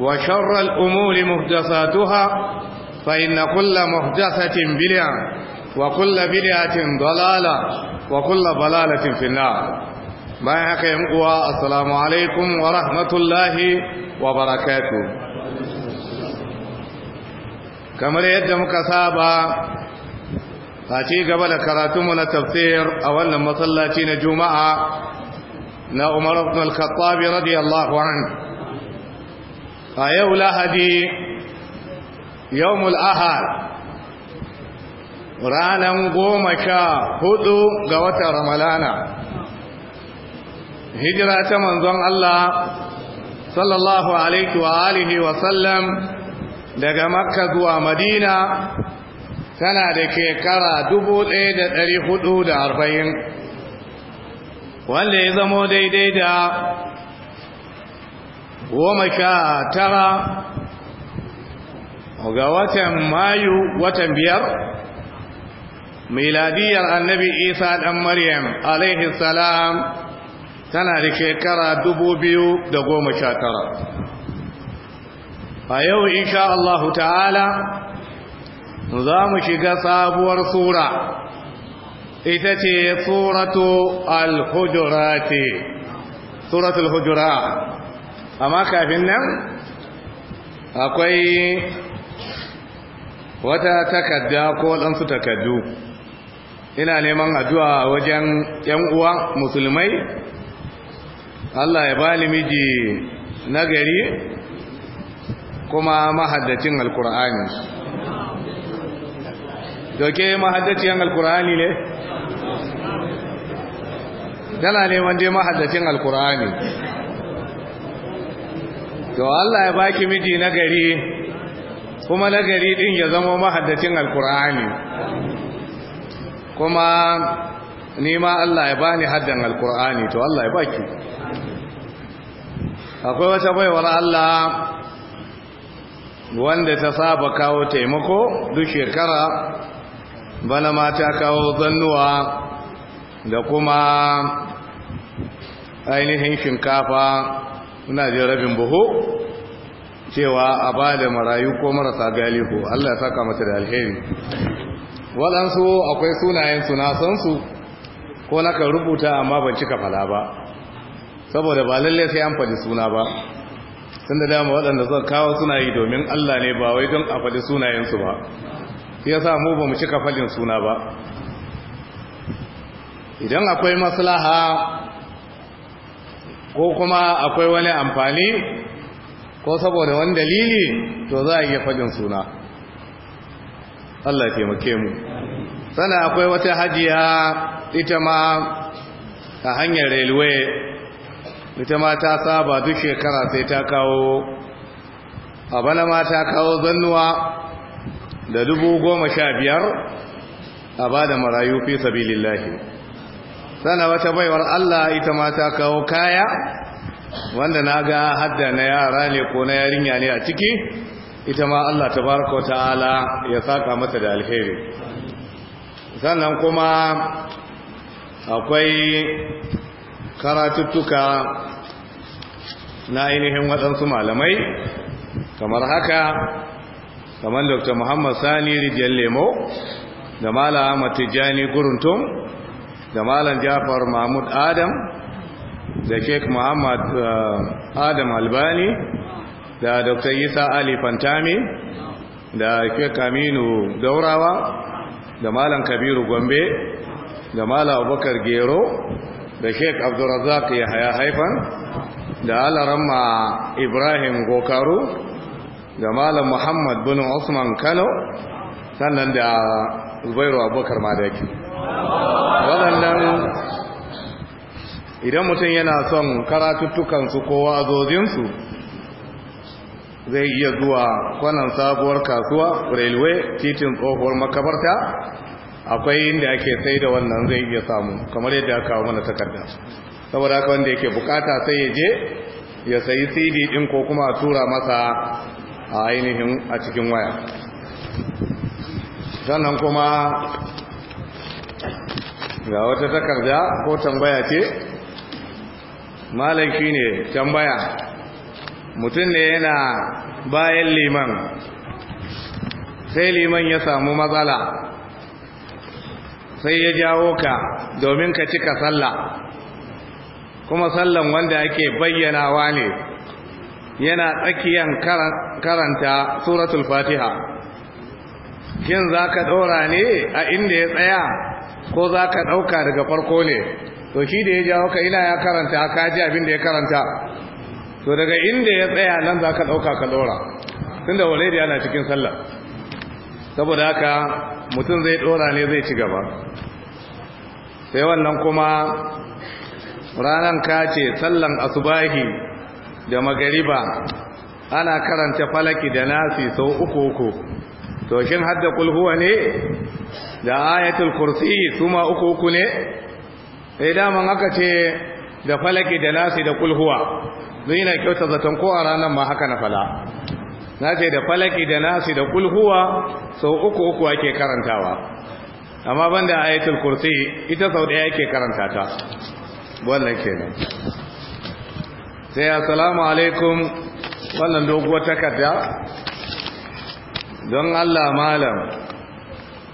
وشر الأمور مهدساتها فإن كل مهدسة بلع وكل بلعة ضلالة وكل ضلالة في النار ما يحكيم السلام عليكم ورحمة الله وبركاته kamar yadda muka saba a ci gaba da karatunmu na tafsir a wannan masallaci na juma'a na umar ibn a yau lahadi yawmul ahad ranar goma sha hudu ga watan Ramadana, hijira ta manzon Allah sallallahu alaihi wa wa sallam daga makka zuwa madina tana da dubu ɗaya da da arba'in, wanda ya zamo daidai da goma sha tara ga watan mayu watan biyar miladiyar annabi isa ɗan maryam alaihi salam tana da shekara da goma sha tara. a yau insha Allah ta'ala za mu shiga sabuwar sura ita ce suratu al hujura amma kafin nan akwai wata takarda ko waɗansu takardu ina neman addu'a wajen ‘yan uwa musulmai Allah ya bani miji nagari kuma mahaddacin alkur'ani doke mahaddacin alkur'ani ne? dala neman dai mahaddacin alkur'ani to Allah ya baki miji na gari kuma na gari din ya zama mahaddacin alkur'ani kuma nima Allah ya bani haddan alkur'ani to Allah ya baki akwai wata baiwar Allah wanda ta saba kawo taimako duk shekara bana ma ta kawo zannuwa da kuma ainihin shinkafa Muna jin rabin buhu cewa a ba da marayu ko marasa galihu Allah ya saka mata da alheri waɗansu akwai sunayen suna su. ko na kan rubuta amma ban cika fada ba saboda ba lalle sai an faɗi suna ba tun da dama waɗanda suka kawo suna yi domin Allah ne ba wai don a faɗi sunayensu ba shi yasa mu ba mu cika faɗin suna ba idan akwai maslaha ko kuma akwai wani amfani ko saboda wani dalili to za a iya faɗin suna Allah taimake mu sana akwai wata hajiya ita ma a hanyar railway ita ma ta saba duk shekara sai ta kawo a bana ma ta kawo zannuwa da dubu goma sha biyar a ba da marayu fi sabilillahi sana wata baiwar Allah ita ma ta kawo kaya wanda na ga hadda na yara ne ko na yarinya ne a ciki ita ma Allah Ta wa ta'ala ya saka mata da alheri sannan kuma akwai karatuttuka na ainihin waɗansu malamai kamar haka kamar dr muhammad sani rijiyar lemo da mala matijani guruntun da malam jafar mahmud adam da sheik muhammad uh, adam albani da dr isa ali fantami da sheik aminu daurawa da malam kabiru gombe da malam abubakar gero da sheik abdurazak ya haya haifan da alarama ibrahim gokaru da malam muhammad bin usman kano sannan da zubairu abubakar madaki idan mutum yana son karatuttukansu ko wazozinsu zai iya zuwa kwanan sabuwar kasuwa railway titin tsohuwar makabarta akwai inda ake sai da wannan zai iya samu kamar yadda aka kawo mana takarda saboda aka wanda yake bukata sai ya je ya sayi cd din ko kuma a tura masa a ainihin a cikin waya sannan kuma ga wata takarda ko tambaya ce malam ne tambaya mutum ne yana bayan liman sai liman ya samu matsala sai ya jawo ka domin ka cika sallah kuma sallan wanda ake bayyanawa ne yana tsakiyan karanta suratul fatiha shin za ka ɗora ne a inda ya tsaya ko za ka ɗauka daga farko ne to shi da ya jawo ka ina ya karanta ka ji abin da ya karanta to daga inda ya tsaya nan za ka ɗauka ka ɗora tunda wale da yana cikin sallah saboda haka mutum zai ɗora ne zai ci gaba sai wannan kuma ranar kace sallan asubahi da magariba ana karanta falaki da nasi sau uku uku to shin hadda kulhuwa ne da ayatul kursi suma uku uku ne sai eh, daman aka ce da falaki da nasi da kulhuwa zai na kyauta zaton ko a ranar ma haka na fala na ce da falaki da nasi da kulhuwa sau uku uku ake karantawa amma ban da ayatul kursi ita sau ɗaya ake karanta ta wannan kenan sai assalamu alaikum wannan doguwar takarda don Allah malam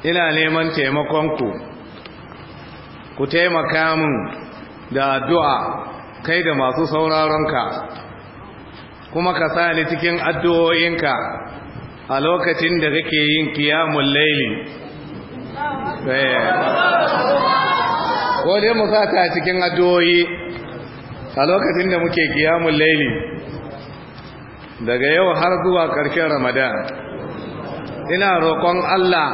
ina neman taimakonku ku taimaka min da addu'a kai da masu sauraronka kuma ka sa ni cikin addu'o'inka a lokacin da kake yin kiyamun laili eh. ko dai mu sa cikin addu'o'i a lokacin da muke kiyamun laili daga yau har zuwa ƙarshen ramadan ina roƙon Allah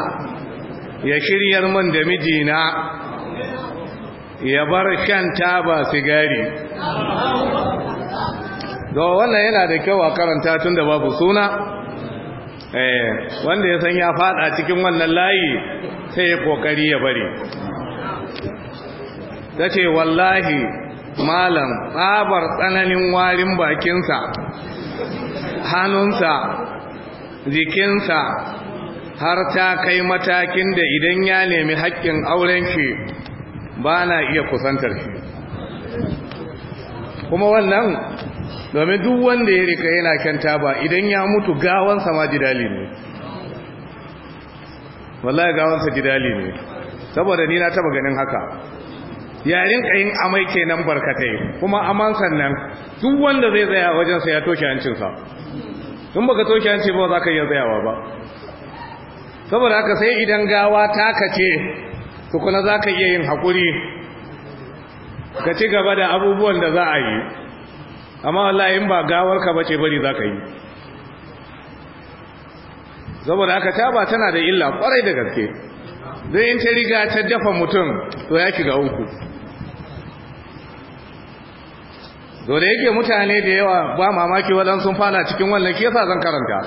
ya shiryar min da mijina ya bar shan taba sigari Do wannan yana da kyau a karanta tun da babu suna eh, wanda ya san ya fada cikin wannan layi sai ya kokari ya bari ta ce wallahi malam tsabar tsananin warin bakinsa hannunsa jikinsa har ta kai matakin da idan ya nemi haƙƙin auren ba na iya kusantar shi kuma wannan domin duk wanda ya rika yana kyanta ba idan ya mutu gawansa ma jidali ne wallahi gawansa jidali ne saboda ni na taba ganin haka yarin kayin amai kenan barkatai kuma aman nan duk wanda zai tsaya wajensa ya toshe hancinsa tun baka toshe hanci ba za ka iya tsayawa ba saboda haka sai idan gawa ta kace tukuna za ka iya yin haƙuri ga ci gaba da abubuwan da za a yi amma wallahi in ba gawarka ba ce bari za ka yi saboda aka taba tana da illa kwarai da gaske zai yin ta riga ta dafa mutum to ya ga uku da yake mutane da yawa ba mamaki waɗansu sun fana cikin wannan kesa zan karanta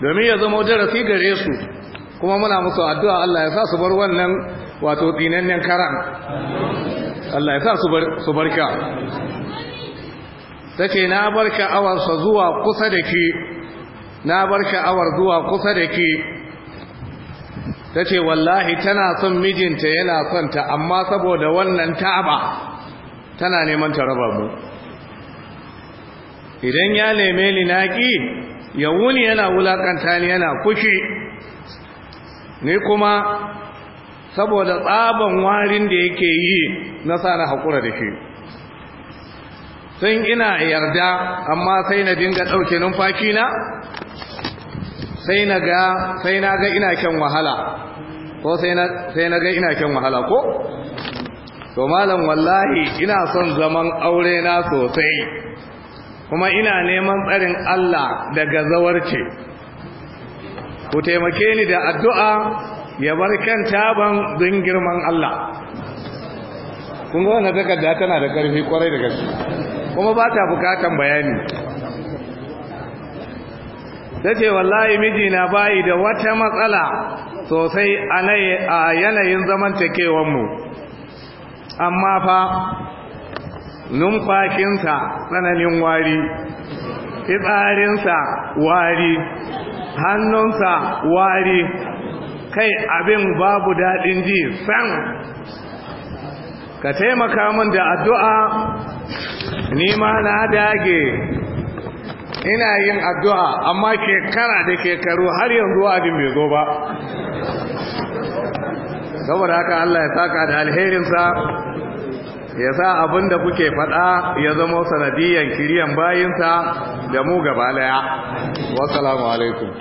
domin ya zama darasi gare su kuma muna musu addu'a Allah ya sa su bar wannan wato tsinannen karan Allah ya sa su barka ta ce na barka awarsa zuwa kusa da ke na barka awar zuwa kusa da ke ta ce wallahi tana son mijinta yana son ta amma saboda wannan ta'aba tana neman ta raba mu idan ya neme ni na ƙi yana wulaƙanta ni yana kushi ni kuma saboda tsaban warin da yake yi na sa na haƙura da shi sun ina yarda amma sai na dinga ɗauke numfashi na sai na ga sai na ga ina kyan wahala ko sai na ga ina kyan wahala ko to malam wallahi ina son zaman aure na sosai kuma ina neman tsarin Allah daga zawarce ku taimake ni da addu'a ya bar kan taban don girman Allah kun ga takarda tana da ƙarfi kwarai da gaske kuma ba ta bukatan bayani ta ce wallahi mijina bayi da wata matsala sosai a yanayin mu amma fa numfashinsa tsananin wari fitsarinsa wari hannunsa wari kai abin babu daɗin ji san ka taimaka min da addu'a nima na dage ina yin addu'a amma shekara da shekaru har yanzu abin bai zo ba saboda haka Allah ya saka da alherinsa ya sa abin da kuke faɗa ya zama sanadiyan kiriyan bayinsa da mu gaba daya wasalamu alaikum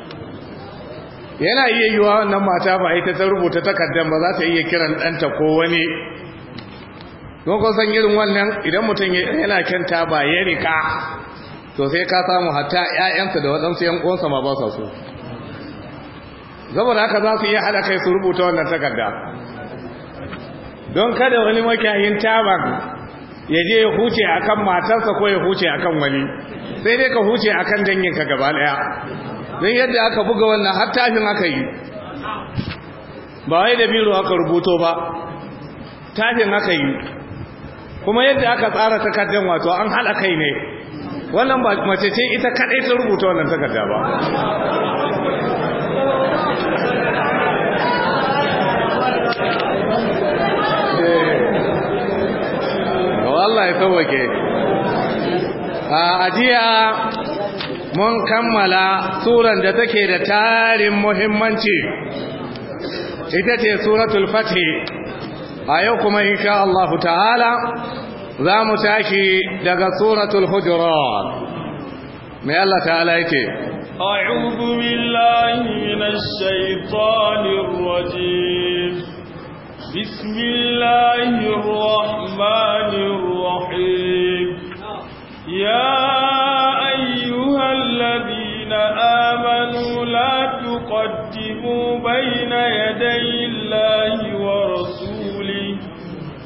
yana iya wa wannan mata ba ita ta rubuta takardar ba za ta iya kiran ɗanta ko wani lokacin san irin wannan idan mutum yana kyanta ba ya rika to sai ka samu hatta 'ya'yansa da waɗansu 'yan ƙonsa ma ba sa so saboda haka za su iya haɗa kai su rubuta wannan takarda don kada wani makayin tabar ya je ya huce a kan matarsa ko ya huce a kan wani sai dai ka huce a kan danginka gaba daya don yadda aka buga wannan har tafin aka yi ba wai da biro aka rubuto ba tafin aka yi kuma yadda aka tsara takardar wato an haɗa kai ne wannan ba mace ce ita kaɗai ta rubuta wannan takarda ba Allah ya a ajiya mun kammala suran da take da tarin muhimmanci ita ce suratul fathi a yau kuma insha Allah ta'ala za mu tashi daga suratul hujurat mai Allah ta'ala yake أعوذ بالله من الشيطان الرجيم بسم الله الرحمن الرحيم يا أيها الذين آمنوا لا تقدموا بين يدي الله ورسوله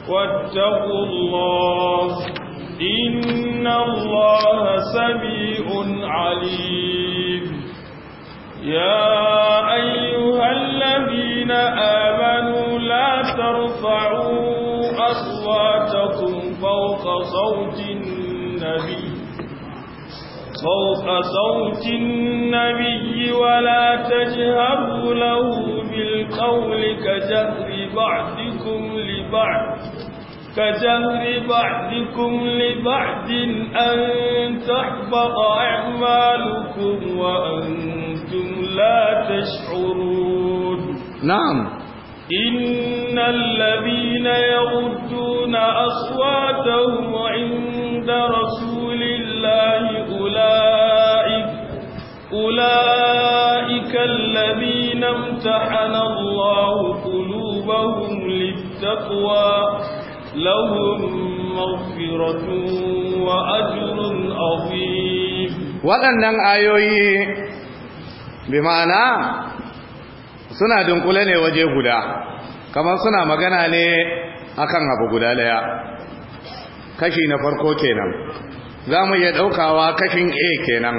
واتقوا الله إن الله سميع عليم يا أيها الذين الذين آمنوا لا ترفعوا أصواتكم فوق صوت النبي فوق صوت النبي ولا تجهروا له بالقول كجهر بعضكم لبعض كجهر بعضكم لبعض أن تحبط أعمالكم وأنتم لا تشعرون نعم إن الذين يغضون أصواتهم عند رسول الله أولئك أولئك الذين امتحن الله قلوبهم للتقوى لهم مغفرة وأجر عظيم waɗannan ayoyi bi ma'ana suna dunkule ne waje guda kamar suna magana ne akan abu guda daya kashi na farko kenan za mu iya ɗaukawa kashin a kenan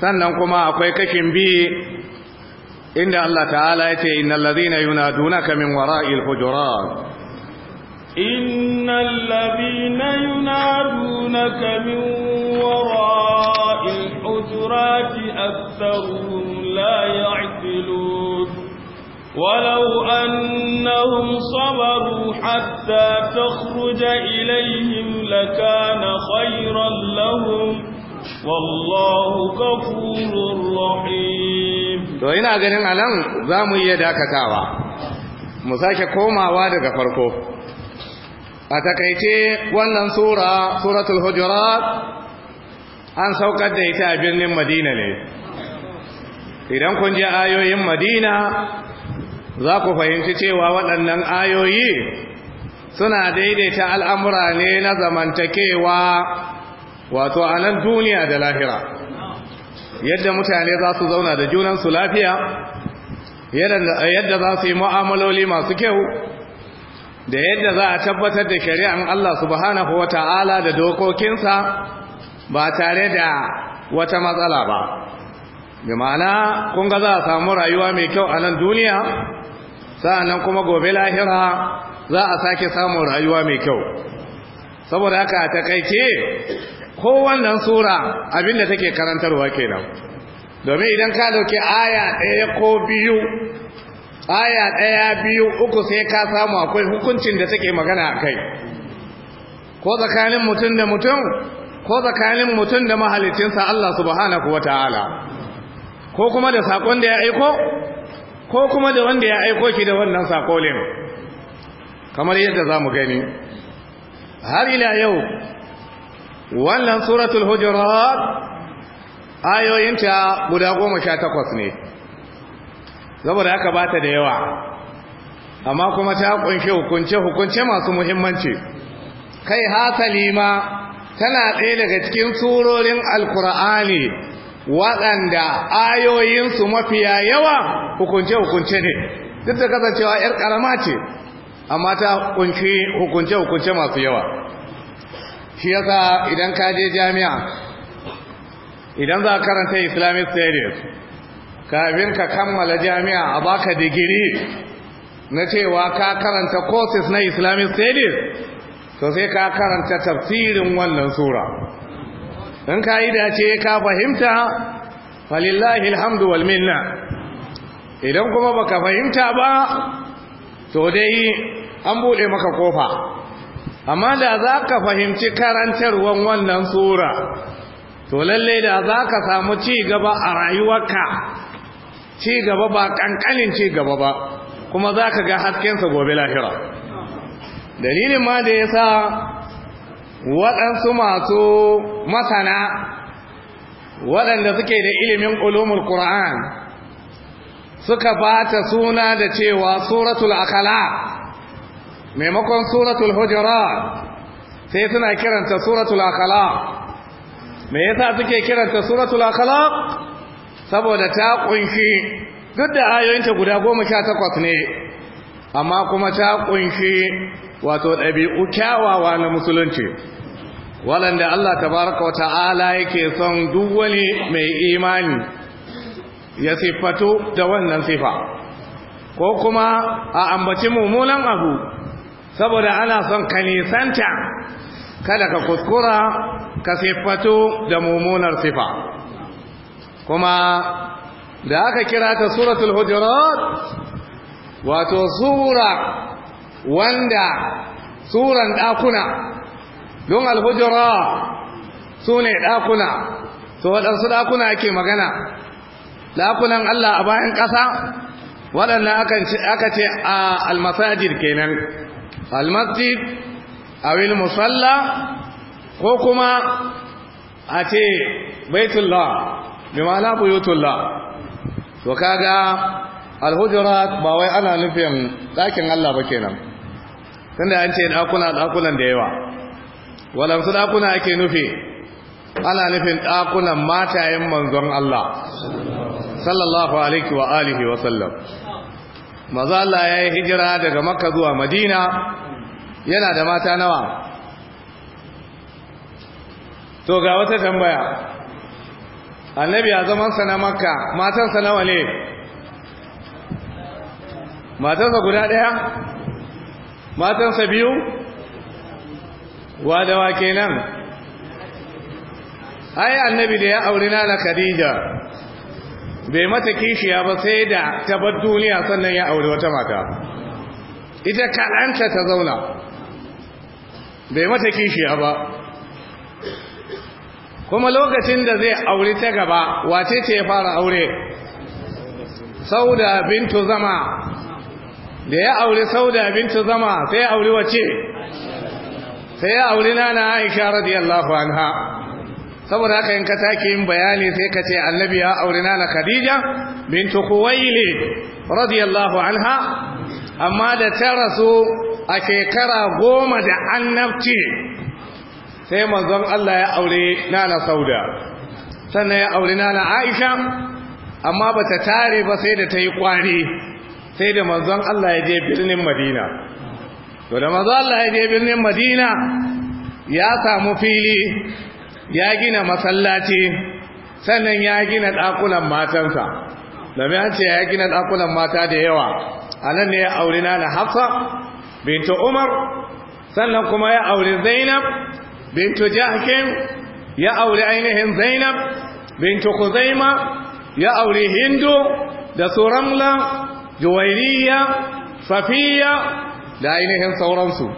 sannan kuma akwai kashin b inda Allah ta'ala ya ce innal ladhina ka min wara'il hujurat إن الذين ينادونك min وراء الحجرات أكثرهم لا يعقلون ولو أنهم صبروا حتى تخرج إليهم لكان خيرا لهم والله غفور رحيم to ina ganin anan zamu iya dakatawa mu sake komawa daga farko a takaice wannan sura suratul hujurat an saukar da ita a birnin Madina ne idan kun ji ayoyin madina za ku fahimci cewa waɗannan ayoyi suna daidaita al'amura ne na zamantakewa wato a nan duniya da lahira yadda mutane za su zauna da junansu lafiya yadda za su yi mu'amaloli masu kyau da yadda za a tabbatar da shari'an Allah subhanahu wa ta'ala da dokokinsa ba tare da wata matsala ba bi ma'ana kun ga za a samu rayuwa mai kyau a nan duniya sa'annan kuma gobe lahira za a sake samun rayuwa mai kyau saboda haka a takaice kowannan sura abinda take karantarwa kenan domin idan ka dauki aya ɗaya ko biyu aya ɗaya biyu uku sai ka samu akwai hukuncin da take magana a kai ko tsakanin mutum da mutum ko tsakanin mutum da mahalicinsa Allah subhanahu wa ta'ala ko kuma da sakon da ya aiko ko kuma da wanda ya aiko ki da wannan sakolin kamar yadda za mu gani har ila yau wannan suratul hujurat ayoyinta guda goma sha takwas ne saboda haka ba ta da yawa amma kuma ta kunshi hukunce-hukunce masu muhimmanci kai hasali ma tana ɗaya daga cikin surorin alkur'ani waɗanda ayoyinsu mafiya yawa hukunce-hukunce ne duk da kasancewa 'yar ƙarama ce amma ta kunshi hukunce-hukunce masu yawa shi yasa idan ka je jami'a idan za karanta islamic studies kafin ka kammala jami'a a baka digiri na cewa ka karanta courses na islamic studies to sai ka karanta tafsirin wannan sura in ka'ida dace ka fahimta falillahi alhamdu wal minna idan kuma baka fahimta ba to dai an bude maka kofa amma da za ka fahimci karantarwan wannan sura to lalle da za ka samu ci gaba a rayuwarka ci gaba ba kankanin ci gaba ba kuma za ka ga haskensa gobe lahira dalilin ma da ya sa waɗansu masu masana waɗanda suke da ilimin ulumul Qur'an suka bata suna da cewa suratul akala maimakon suratul hujara sai suna kiranta suratul akala me yasa suke kiranta suratul akala saboda ta ƙunshi duk da ayoyinta guda goma sha takwas ne amma kuma ta ƙunshi wato ɗabi'u kyawawa na musulunci waɗanda Allah tabaraka wa ta'ala yake son duk wani mai imani ya siffatu da wannan sifa ko kuma a ambaci mummunan abu saboda ana son ka nisanta kada ka kuskura ka siffatu da mummunar sifa kuma da aka kira ta suratul hujurat wato sura wanda suran ɗakuna don alhujura su ne ɗakuna to waɗansu ɗakuna ake magana ɗakunan Allah a bayan ƙasa waɗanda aka ce a almasajid kenan almasjid awil musalla ko kuma a ce baitullah bi ma'ana buyutullah to kaga alhujurat ba wai ana nufin ɗakin Allah ba kenan tunda an ce ɗakuna ɗakunan da yawa walamsu ɗakuna ake nufi ana nufin ɗakunan matayen manzon Allah sallallahu alaihi wa alihi wa sallam maza Allah ya yi hijira daga makka zuwa madina yana da mata nawa to ga wata tambaya annabi a zamansa na makka matansa nawa ne sa guda ɗaya sa biyu wa kenan ai annabi da ya aure na na khadija bai mata kishiya ba sai da ta bar duniya sannan ya aure wata mata ita kalanta ta zauna bai mata kishiya ba kuma lokacin da zai aure ta gaba wace ce ya fara aure sauda bintu zama da ya aure sauda bintu zama sai ya aure wace sai ya auri na aisha radiyallahu anha saboda haka in ka take yin bayani sai ka ce annabi ya auri na khadija bintu khuwailid radiyallahu anha amma da ta rasu a shekara goma da annabci sai manzon Allah ya aure nana sauda sannan ya aure nana aisha amma bata tare ba sai da ta yi kwari sai da manzon Allah ya je birnin madina to da maza Allah ya je birnin Madina ya samu fili ya gina masallaci sannan ya gina ɗakunan matansa domin an ce ya gina ɗakunan mata da yawa anan ne ya aure na Hafsa bintu Umar sannan kuma ya aure Zainab bintu Jahkim ya aure ainihin Zainab bintu Khuzaima ya aure Hindu da Suramla Juwairiyya, Safiya da ainihin sauransu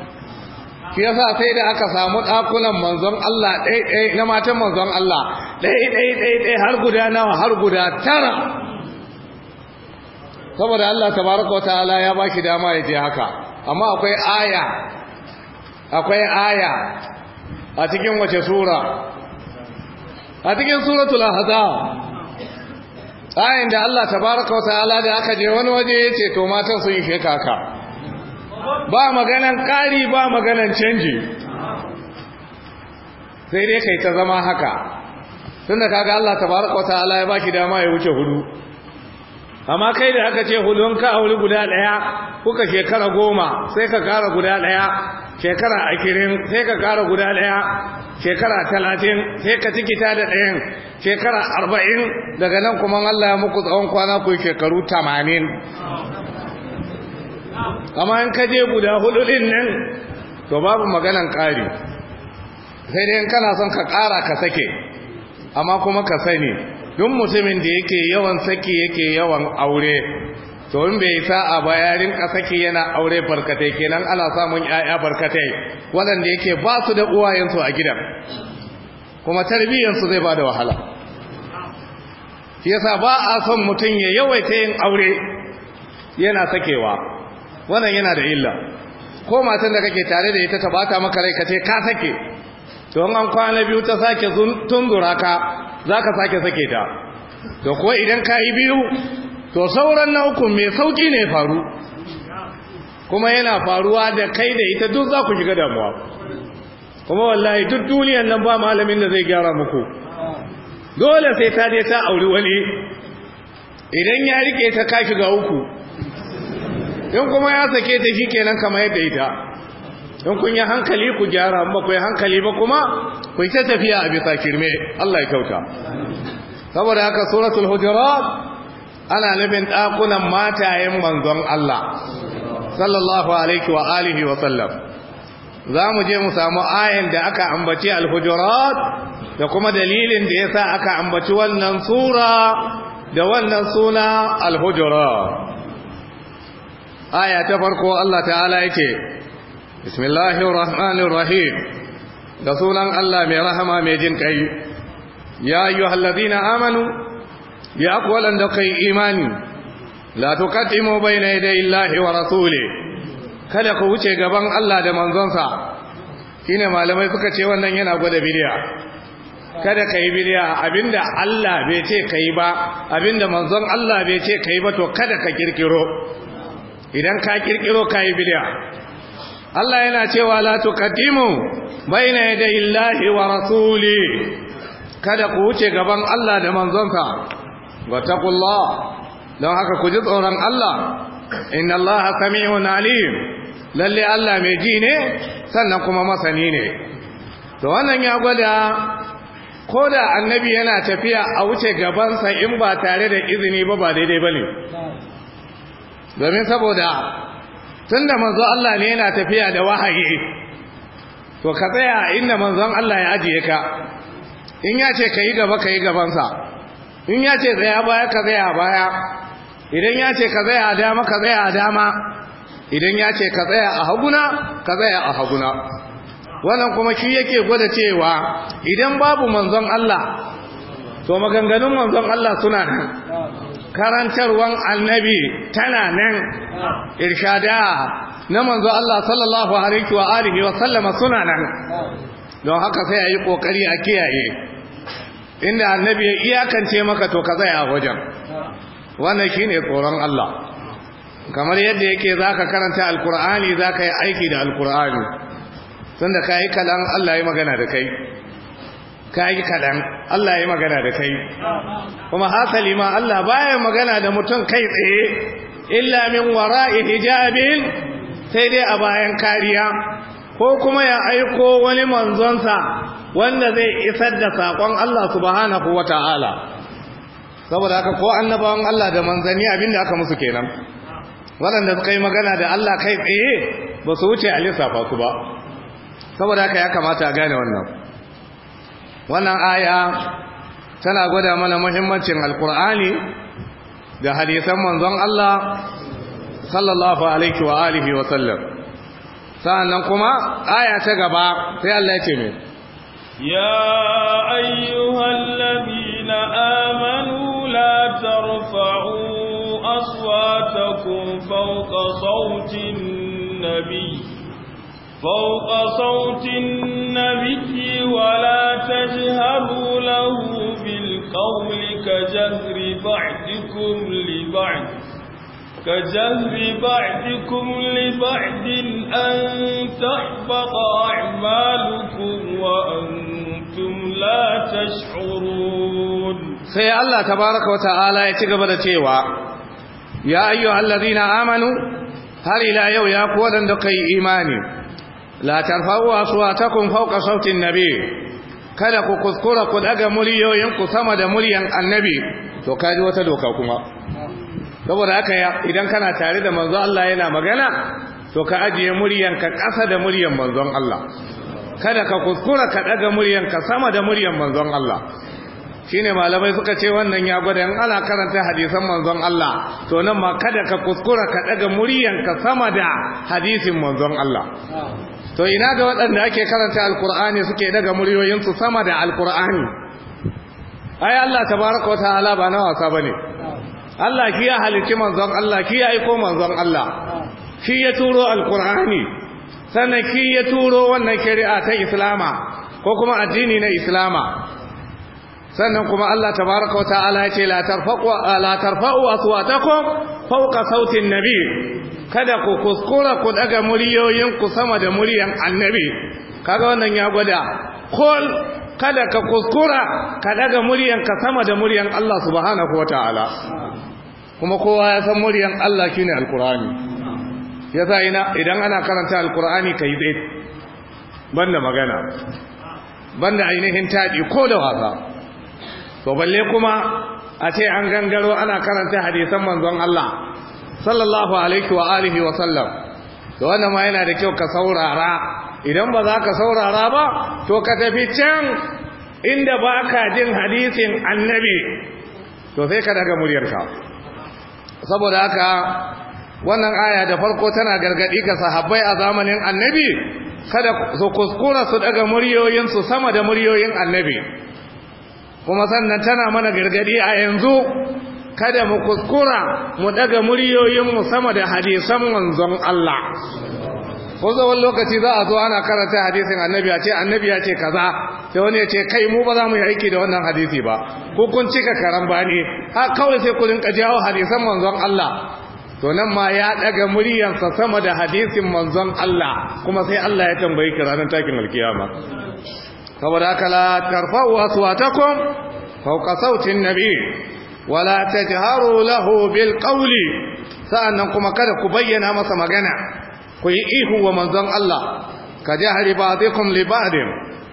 shi yasa sai da aka samu dakunan manzon Allah ɗaiɗai na matan manzon Allah ɗaiɗai har guda nawa har guda tara saboda Allah tabaraka wa ta'ala ya ba shi dama ya je haka amma akwai aya akwai aya a cikin wace sura a cikin suratul ahzab ayin da Allah tabaraka wa ta'ala da aka je wani waje yace to matan sun yi shekaka ba maganan ƙari ba maganan canji sai dai kai ta zama haka Tun da kaga Allah ta tabaraka wa ta'ala ya baki dama ya wuce hudu amma kai da aka ce hudun ka auri guda ɗaya, kuka shekara goma sai ka kara guda daya shekara akirin sai ka kara guda daya shekara talatin sai ka tikita da ɗayan shekara arba'in daga nan kuma Allah ya muku tsawon kwana ku shekaru tamanin amma in ka je guda hudu din nan to babu maganan ƙari sai dai in kana son ka ƙara ka sake amma kuma ka sani duk mutumin da yake yawan saki yake yawan aure to in bai sa a bayarin ka saki yana aure barkatai kenan ana samun 'ya'ya barkatai waɗanda yake ba su da uwayensu a gidan kuma tarbiyyarsu zai ba da wahala shi yasa ba a son mutum ya yawaita yin aure yana sakewa wannan yana da illa ko matan da kake tare da ita ta bata maka rai ka ce ka sake to an kwana biyu ta sake tunzura ka zaka sake sake ta to ko idan ka yi biyu to sauran na uku mai sauki ne faru kuma yana faruwa da kai da ita duk za ku shiga damuwa kuma wallahi duk duniyan nan ba malamin da zai gyara muku dole sai ta je ta auri wani idan ya rike ta kashi ga uku in kuma ya sake ta shi kenan kamar yadda ita in kun yi hankali ku gyara ba ku yi hankali ba kuma ku yi ta tafiya a bisa kirme Allah ya kyauta saboda haka suratul hujurat ana nufin ɗakunan matayen manzon Allah sallallahu alaihi wa alihi wa sallam za mu je mu samu ayin da aka ambaci al-hujurat da kuma dalilin da yasa aka ambaci wannan sura da wannan suna al-hujurat aya ta farko Allah ta'ala yake bismillahir rahmanir rahim da sunan Allah mai rahama mai jin kai ya ayyuhallazina amanu ya aqwalan da kai imani la tuqaddimu bayna yaday illahi wa rasuli kada ku wuce gaban Allah da manzonsa shine malamai suka ce wannan yana gwada bidiya kada ka yi bidiya abinda Allah bai ce ka yi ba abinda manzon Allah bai ce ka yi ba to kada ka kirkiro idan ka kirkiro ka yi bid'a Allah yana cewa la tuqaddimu baina yadayi llahi wa rasuli kada ku wuce gaban Allah da manzonsa wa taqullah don haka ku ji tsoron Allah inna Allah sami'un alim lalle Allah mai ji ne sannan kuma masani ne to wannan ya gwada ko da annabi yana tafiya a wuce gabansa in ba tare da izini ba ba daidai bane domin saboda tunda manzo Allah ne yana tafiya da wahayi to ka tsaya inda manzon Allah ya ajiye ka in ya ce ka yi gaba ka yi gabansa in ya ce tsaya baya ka tsaya baya idan ya ce ka tsaya a dama ka tsaya a dama idan ya ce ka tsaya a haguna ka tsaya a haguna wannan kuma shi yake gwada cewa idan babu manzon Allah to maganganun manzon Allah suna nan karantarwan annabi tana nan irshada na manzo Allah sallallahu alaihi wa alihi wa sallama suna nan don haka sai ayi kokari a kiyaye inda annabi ya iyakance maka to ka tsaya a wajen wannan shine tsoron Allah kamar yadda yake zaka karanta alqur'ani zaka yi aiki da alqur'ani tunda kai kalan Allah ya magana da kai ka yi kaɗan Allah ya magana da kai kuma hasali ma Allah baya magana da mutum kai tsaye illa min wara'i hijabin sai dai a bayan kariya ko kuma ya aiko wani manzonsa wanda zai isar da saƙon Allah subhanahu wa ta'ala saboda haka ko annabawan Allah da manzanni abinda aka musu kenan waɗanda suka yi magana da Allah kai tsaye ba su wuce a lissafa su ba saboda haka ya kamata a gane wannan wannan aya tana gwada mana muhimmancin alkur'ani da hadisan manzon Allah sallallahu alaihi wa alihi wa sallam kuma aya ta gaba sai Allah ya ce me ya ayyuhal ladina amanu la tarfa'u aswatakum fawqa sawtin nabiy فوق صوت النبي ولا تجهروا له بالقول كجهر بعدكم لبعد كجهر بعدكم لبعد أن تحبط أعمالكم وأنتم لا تشعرون سي الله تبارك وتعالى يتقبل تيوى يا أيها الذين آمنوا هل إلى يوم يا قوة لن إيماني la tarfa'u aswatakum fawqa sautin nabi kada ku kuskura ku daga muryoyin ku sama da muryan annabi to kaji wata doka kuma saboda haka idan kana tare da manzon Allah yana magana to ka ajiye muryan ka ƙasa da muryan manzon Allah kada ka kuskura ka daga muryan ka sama da muryan manzon Allah shine malamai suka ce wannan ya gwada in ana karanta hadisan manzon Allah to nan ma kada ka kuskura ka daga muryan ka sama da hadisin manzon Allah to ina ga waɗanda ake karanta alkur'ani suke daga muryoyinsu sama da alkur'ani ai Allah tabaraka wataala ba na wasa bane Allah ki ya halicci manzon Allah ki ya aiko manzon Allah ki ya turo alkur'ani sannan ki ya turo wannan shari'a ta islama ko kuma addini na islama sannan kuma Allah tabaraka wata ala ya ce la tarfau la tarfa'u aswatakum fawqa sautin nabi kada ku kuskura ku daga muryoyin ku sama da muryan annabi kaga wannan ya gwada kul kada ka kuskura ka daga muryan ka sama da muryan Allah subhanahu wata ala. kuma kowa ya san muryan Allah shine alqur'ani yasa ina idan ana karanta alqur'ani kai dai banda magana banda ainihin tadi ko da wasa to balle kuma a ce an gangaro ana karanta hadisan manzon Allah sallallahu alaihi wa alihi wa sallam to wannan ma yana da kyau ka saurara idan ba za ka saurara ba to ka tafi can inda ba ka jin hadisin annabi to sai ka daga muryarka saboda haka wannan aya da farko tana gargadi ga sahabbai a zamanin annabi kada su kuskura su daga muryoyinsu sama da muryoyin annabi kuma sannan tana mana gargadi a yanzu kada mu kuskura mu daga muryoyinmu sama da hadisan manzon Allah ko wani lokaci za a zo ana karanta hadisin annabi ya ce annabi ya ce kaza sai wani ya ce kai mu ba za mu yi aiki da wannan hadisi ba ko kun cika karan bani ha kawai sai ku rinka jawo hadisan manzon Allah to nan ma ya daga muryansa sama da hadisin manzon Allah kuma sai Allah ya tambaye ki ranar takin alkiyama saboda haka la tarfa'u aswatakum fawqa sauti nabi wala tajharu lahu bil qawli sa'annan kuma kada ku bayyana masa magana ku yi ihu wa manzon Allah ka jahri ba'dikum li ba'din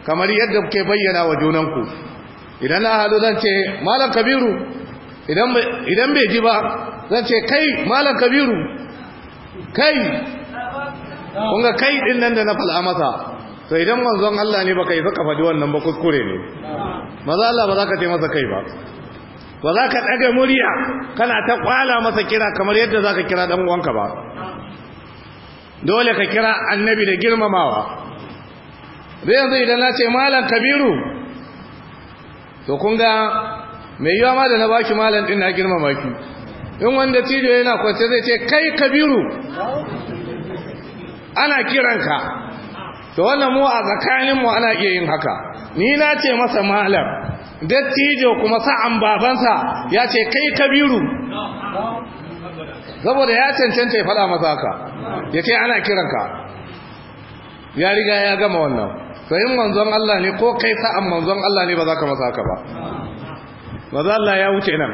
kamar yadda kuke bayyana wa junanku idan na hadu zan ce malam kabiru idan idan bai ji ba zan ce kai malam kabiru kai kun ga kai din nan da na fala masa to idan manzon Allah ne baka yi saka faɗi wannan ba kuskure ne maza Allah ba za ka ce masa kai ba ba za ka ɗaga murya kana ta kwala masa kira kamar yadda za ka kira ɗan uwanka ba dole ka kira annabi da girmamawa zai yanzu idan na ce malam kabiru to kun ga mai yiwa ma da na baki malam ɗin na girmama ki in wanda cijo yana kwance zai ce kai kabiru ana kiranka to wannan mu a tsakanin mu ana iya yin haka ni na ce masa malam dattijo kuma sa'an babansa ya ce kai kabiru saboda ya cancanta ya faɗa masa haka ya ce ana kiranka ya riga ya gama wannan sayin manzon Allah ne ko kai sa'an manzon Allah ne ba za ka masa haka ba ba za Allah ya wuce nan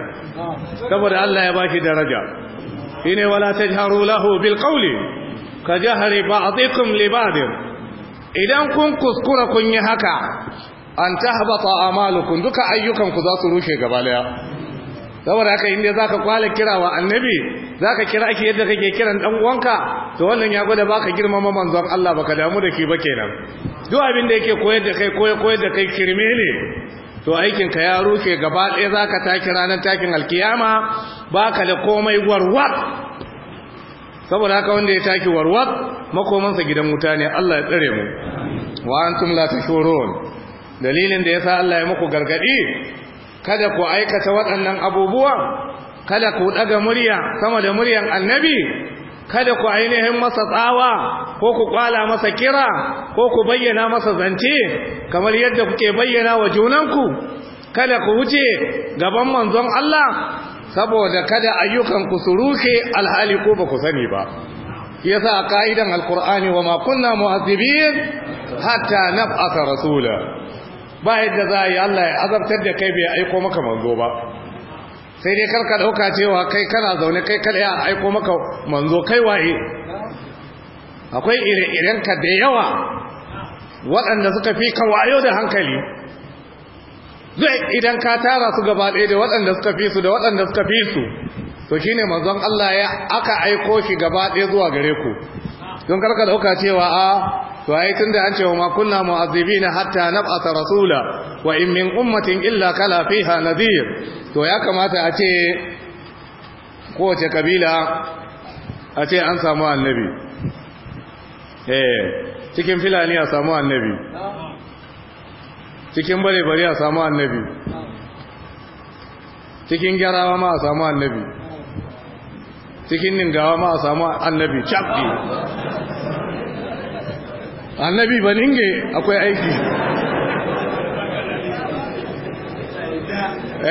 saboda Allah ya baki daraja shine wala tajharu lahu bil qawli ka jahri ba'dikum li ba'd idan kun kuskura kun yi haka an tahbata amalukum duka ayyukanku za su rushe gaba daya saboda haka inda zaka kwala wa annabi zaka kira ki yadda kake kiran dan uwanka to wannan ya gwada baka girmama manzon Allah baka damu da ke ba kenan duk abin da yake koyar da kai koyar koyar da kai kirme ne to aikin ka ya rushe gaba daya zaka taki ranar takin alkiyama baka da komai warwar saboda haka wanda ya taki warwat makomansa gidan wuta ne Allah ya tsare mu wa antum la tashurun dalilin da ya sa Allah ya muku gargadi kada ku aikata waɗannan abubuwa kada ku daga murya sama da muryan annabi kada ku ainihin masa tsawa ko ku kwala masa kira ko ku bayyana masa zance kamar yadda kuke bayyana wa junanku kada ku wuce gaban manzon Allah saboda kada ayyukan ku su rushe alhali ko ba ku sani ba yasa ka'idan alqur'ani wa ma kunna mu'azzibin hatta nab'atha rasula ba yadda za yi Allah ya azabtar da kai bai aiko maka manzo ba sai dai karka dauka cewa kai kana zaune kai kada ya aiko maka manzo kai waye akwai ire-irenka da yawa waɗanda suka fi kawayo da hankali zai idan ka tara su gaba ɗaya da waɗanda suka fi su da waɗanda suka fi su to ne manzon Allah ya aka aiko shi gaba ɗaya zuwa gare ku don karka ɗauka cewa a to ai tunda an ce ma kunna mu'azzibina hatta nab'ata rasula wa in min ummatin illa kala fiha nadhir to ya kamata a ce kowace kabila a ce an samu annabi eh cikin filani a samu annabi cikin bare bare a samu annabi cikin gyarawa ma a samu annabi cikin ningawa ma a samu annabi cafi annabi ba ninge akwai aiki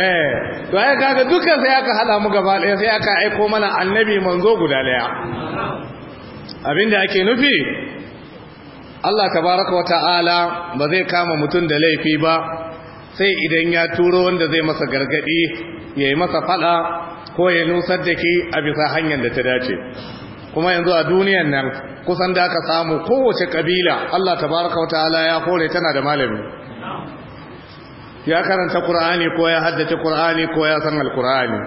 eh to ai kaga dukkan sai aka hada mu gaba ɗaya sai aka aiko mana annabi manzo guda ɗaya abinda ake nufi Allah tabaraka wa ta'ala ba zai kama mutum da laifi ba sai idan ya turo wanda zai masa gargadi ya yi masa fada ko ya nusar da ke a bisa hanyar da ta dace kuma yanzu a duniyan nan kusan da aka samu kowace kabila Allah tabaraka wa ta'ala ya kore tana da malami ya karanta Kur'ani ko ya haddace Kur'ani ko ya san alqur'ani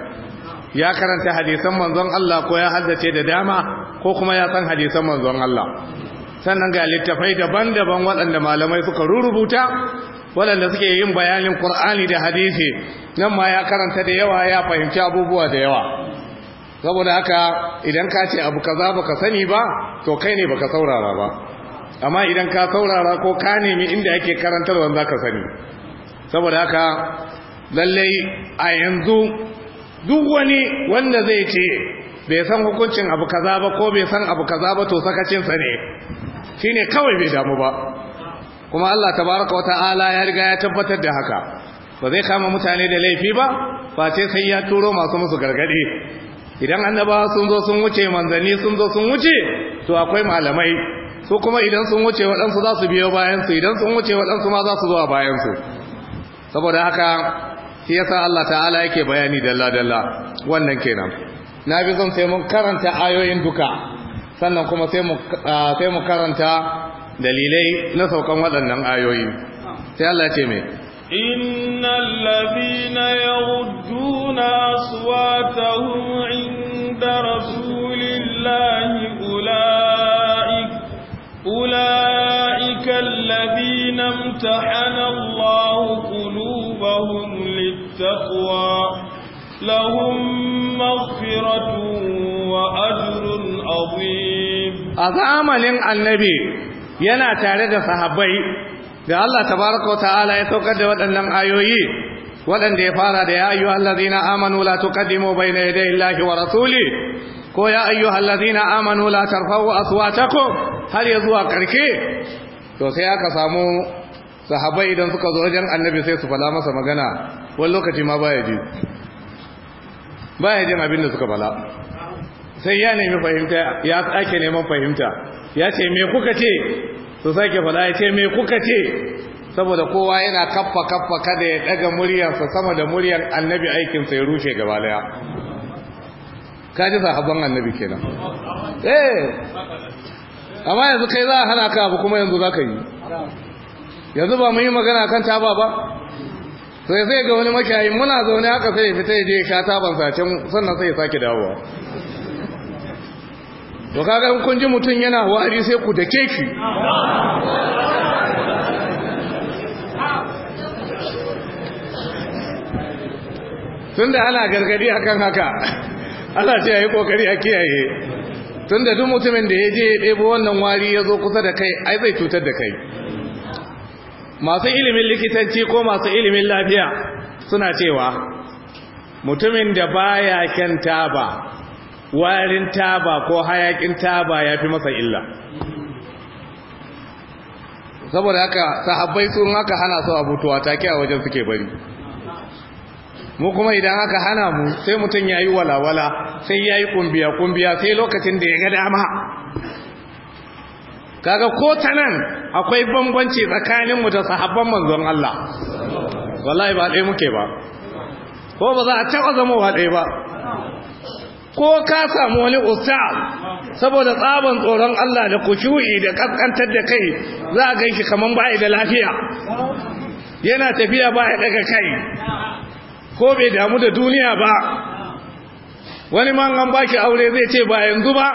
ya karanta hadisan manzon Allah ko ya haddace da dama ko kuma ya san hadisan manzon Allah sannan ga littafai daban-daban waɗanda malamai suka rurubuta waɗanda suke yin bayanin ƙur'ani da hadisi nan ma ya karanta da yawa ya fahimci abubuwa da yawa saboda haka idan ka ce abu kaza baka sani ba to kai ne baka saurara ba amma idan ka saurara ko ka nemi inda yake karantarwa za ka sani saboda haka lallai a yanzu duk wani wanda zai ce bai san hukuncin abu kaza ba ko bai san abu kaza ba to sakacinsa ne Shi ne kawai bai damu ba kuma Allah tabaraka wata'ala ya riga ya tabbatar da haka ba zai kama mutane da laifi ba ce sai ya turo masu musu gargade idan annabawa sun zo sun wuce manzanni sun zo sun wuce to akwai malamai su kuma idan sun wuce waɗansu za su biyo bayansu idan sun wuce waɗansu ma za su zo a bayansu saboda haka shi yasa Allah ta'ala yake bayani dalla dalla wannan kenan na bi zan sai mun karanta ayoyin duka sannan kuma ah, sai mu karanta dalilai na saukan waɗannan ayoyi sai Allah ce mai innal ladina yaghudduna aswatahum inda rasulillahi ula'ikan ulaik alladhina imtahana Allahu qulubahum lit لهم مغفرة وأجر عظيم أزامن النبي yana tare da sahabai da Allah tabaraka wa ta'ala ya saukar da waɗannan ayoyi waɗanda ya fara da ya ayyuhal ladina amanu la tuqaddimu bayna yaday illahi wa rasuli ko ya ayyuhal ladina amanu la tarfa'u aswatakum har ya zuwa karke to sai aka samu sahabbai idan suka zo wajen annabi sai su fala masa magana wani lokaci ma baya ji ba ya jin abin da suka bala sai ya nemi fahimta ya ake neman fahimta ya ce me kuka ce su sake fada ya ce me kuka ce saboda kowa yana kaffa kaffa kada ya daga muryarsa sama da muryar annabi aikinsa ya rushe gaba daya ka ji sahabban annabi kenan eh amma yanzu kai za a hana ka abu kuma yanzu za ka yi yanzu ba mu yi magana kan ta ba ba sai sai ga wani makiyayi muna zaune haka sai fita ya je ka taban sannan sai ya sake dawowa to kaga kun ji mutum yana wari sai ku dake shi tunda ana gargadi akan haka Allah ce yayi kokari a kiyaye tunda duk mutumin da ya je ya ɗebo wannan wari ya zo kusa da kai ai zai cutar da kai masu ilimin likitanci ko masu ilimin lafiya suna cewa mutumin da baya kyan taba warin taba ko hayakin taba ya fi masa illa saboda haka sahabbai sun haka hana su abutuwa take a wajen suke bari mu kuma idan haka hana mu sai mutum ya yi walawala sai ya yi kumbiya kumbiya sai lokacin da ya ga dama kaga ko ta nan akwai bambanci tsakaninmu da sahabban manzon Allah wallahi ba ɗaya muke ba ko ba za a taɓa zama wa ɗaya ba ko ka samu wani usta saboda tsaban tsoron Allah da kushu'i da kaskantar da kai za a ganki kaman bai da lafiya yana tafiya ba ya daga kai ko bai damu da duniya ba wani man an baki aure zai ce ba yanzu ba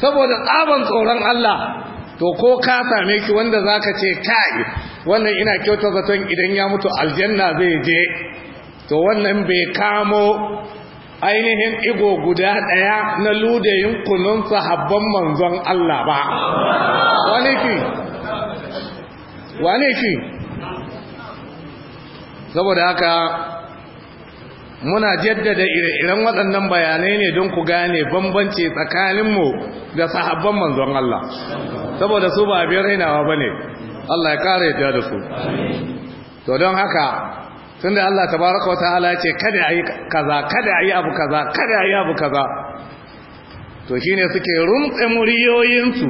saboda tsaban tsoron Allah to ko ka same shi wanda zaka ce kai wannan ina kyauta zaton idan ya mutu aljanna zai je to wannan bai kamo ainihin igo guda ɗaya na ludayin kunun sahabban manzon Allah ba wane ki wani ki saboda haka muna jaddada ire-iren waɗannan bayanai ne don ku gane bambance tsakaninmu da sahabban manzon Allah saboda su ba biyar rainawa ba ne Allah ya ƙara yadda da su to don haka tun da Allah tabaraka wata ala ce kada a yi kaza kada a yi abu kaza kada a yi abu kaza to shine suke rumtse muriyoyinsu